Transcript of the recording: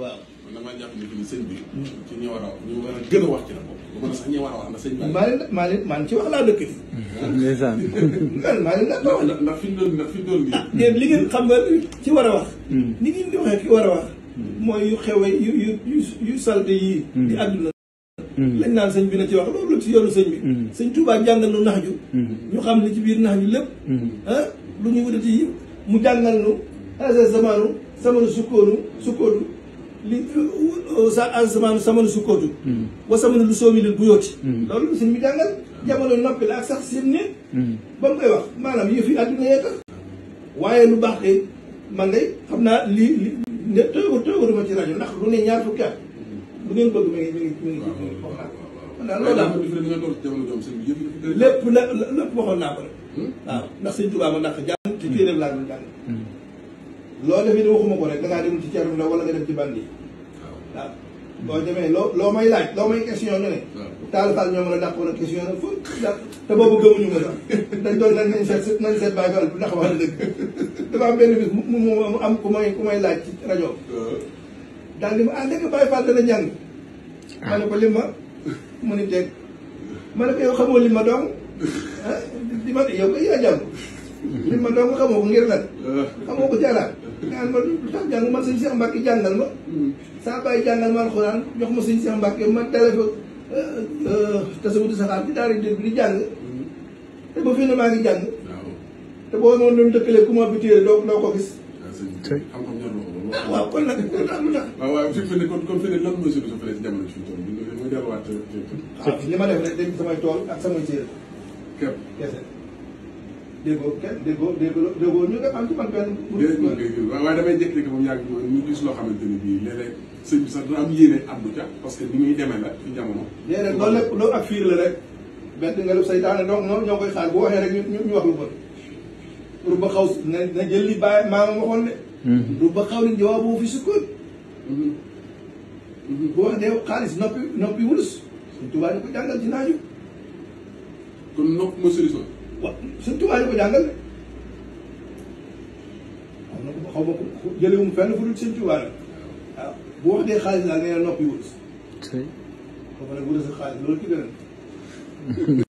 waaw man damaa jàpp ne que sëñ bi. ci ñi war a ñu war a gën a wax ci la bokk. ba mën a ñi war a wax ndax sëñ bi. maa maa leen maa ci wax laa dëkk nii. ndeysaan. maa leen la wax ndax fi ñu doon ndax fi ñu doon li ngeen xam nga ci war a wax. ni ngeen di ki war a wax. Hmm. Hmm. mooy yu xewe yu yu yu yu salte yii. di hmm. àdduna. lañ naan sëñ bi na ci wax loolu ci yoonu sëñ bi. sëñ Tuubaa jàngal nu nax ju. ñu xam ne ci biir nax ju lépp. ah lu ñu wutati yi mu jàngal nu. ah c' est zamanu zamanu li zaman samanu sukkootu hmm. wa samanu lu soomi leen bu yooti hmm. loolu sëñ bi jàngal jamono noppi la ak sax seen ne hmm. ba mu koy wax maanaam yëf yi àdduna yee tax waaye lu baax de man de xam naa li li ne toogu toogu dama ci rajo ndax lu ne ñaar fukki at lu ngeen bëgg mi ngi mi ngi mi lépp lépp waxoon naa ko rek waaw ndax sëñ Tuubaa a ndax jàng te téeréem laa doon jàng loo def it waxuma ko rek dangaa dem ci Thierno Ndaw wala nga dem ci bandi yi waaw boo demee loo loo may laaj loo may question nga ne Talla Fall ñoo mën a dàq wala question na foofu te boobu ko sax dañ doon nañ nañ seet nañ seet Baye Fall bu ndax wax na dëgg dafa am benn bis mu am ku may ku may laaj rajo daal ma ah ndekk Baye Fall dana njàng ah. ma ko lim ma mu ni teg ma ne ko yow xamoo lim ma dong ah di ma yow kay yaa jàng li ma dong xamoo ko ngir lan xamoo ko jalaan naan ma lu tax jàng man sëñ jàngal ma saa bàyyi jàngal ma alxuraan jox ma sëñ Cheikh Mbacke ma téléphone tasawudu saxaar ci daara dé bi di jàng te ba fii ne maa ngi jàng te boo noonu doon dëkkalee ku ma bi téere doo doo ko gis waaw kon nag kon tax mu tax waaw waaw fi si jamono ci tool bi li ma def rek dañ samay tool ak samay téere képp déggoo kenn déggoo déggoo déggoo ñu def am ci man benn. déedéet waaye damay jékki-jékki ba mu yàgg ñu gis loo xamante ne bii léeg-léeg sëñ bi sax dina am parce que ni muy demee la ci jamono. déedéet loolu lépp loolu ak fiir la rek benn nga lu saytaane donc noonu ñoo koy xaar bu waxee rek ñu ñu wax lu bon pour ba xaw na na jël li bàyyi maama waxoon mm-hmm. ba xaw ni jawaabu fi sukkoon. Mm-hmm. Mm-hmm. bu wax ne xaalis noppi noppi wulus. suñ tubaab ñu ko jàngal ci naaju. kon nopp ma waaw suñ tubaab yi ko jàngal am na ko xaw ma ko jëlewum fenn fu dul suñ tubaab yi waaw bu wax dee xaalis daal nee na noppi wut. ok. foofu